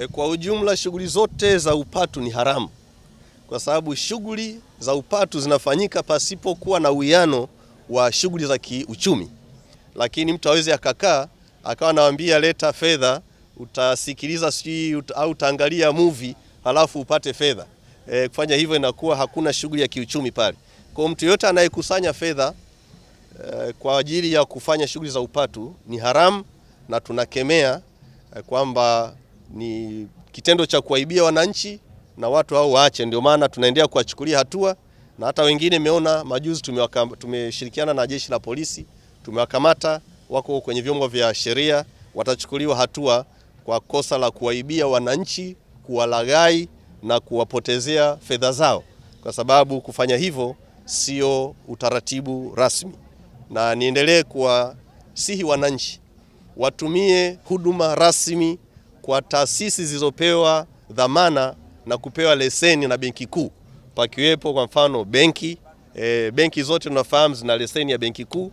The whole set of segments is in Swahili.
E, kwa ujumla shughuli zote za upatu ni haramu, kwa sababu shughuli za upatu zinafanyika pasipokuwa na uwiano wa shughuli za kiuchumi. Lakini mtu aweze akakaa akawa anawaambia leta fedha, utasikiliza sijui ut, au utaangalia movie halafu upate fedha. E, kufanya hivyo inakuwa hakuna shughuli ya kiuchumi pale. Kwa mtu yote anayekusanya fedha e, kwa ajili ya kufanya shughuli za upatu ni haramu na tunakemea e, kwamba ni kitendo cha kuwaibia wananchi na watu hao waache. Ndio maana tunaendelea kuwachukulia hatua, na hata wengine meona majuzi tumeshirikiana na jeshi la polisi, tumewakamata wako kwenye vyombo vya sheria, watachukuliwa hatua kwa kosa la kuwaibia wananchi, kuwalaghai na kuwapotezea fedha zao, kwa sababu kufanya hivyo sio utaratibu rasmi. Na niendelee kuwasihi wananchi watumie huduma rasmi kwa taasisi zilizopewa dhamana na kupewa leseni na Benki Kuu, pakiwepo kwa mfano benki e, benki zote tunafahamu zina leseni ya Benki Kuu.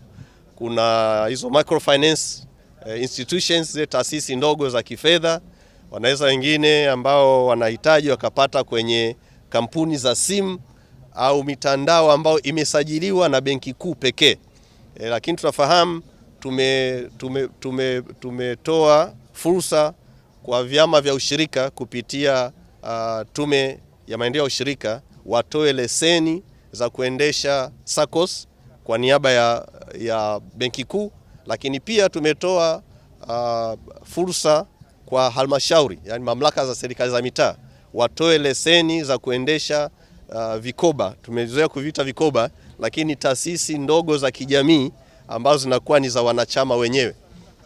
Kuna hizo microfinance e, institutions zile taasisi ndogo za kifedha, wanaweza wengine ambao wanahitaji wakapata kwenye kampuni za simu au mitandao ambayo imesajiliwa na Benki Kuu pekee. E, lakini tunafahamu tume, tume, tume, tumetoa fursa kwa vyama vya ushirika kupitia uh, tume ya maendeleo ya ushirika watoe leseni za kuendesha SACCOS kwa niaba ya, ya Benki Kuu, lakini pia tumetoa uh, fursa kwa halmashauri, yani mamlaka za serikali za mitaa watoe leseni za kuendesha uh, vikoba. Tumezoea kuvita vikoba, lakini taasisi ndogo za kijamii ambazo zinakuwa ni za wanachama wenyewe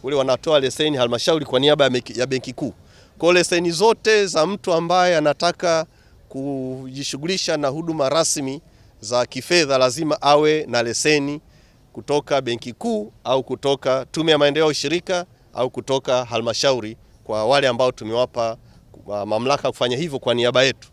ule wanatoa leseni halmashauri kwa niaba ya benki kuu. Kwa leseni zote za mtu ambaye anataka kujishughulisha na huduma rasmi za kifedha lazima awe na leseni kutoka benki kuu au kutoka tume ya maendeleo ya ushirika au kutoka halmashauri, kwa wale ambao tumewapa uh, mamlaka kufanya hivyo kwa niaba yetu.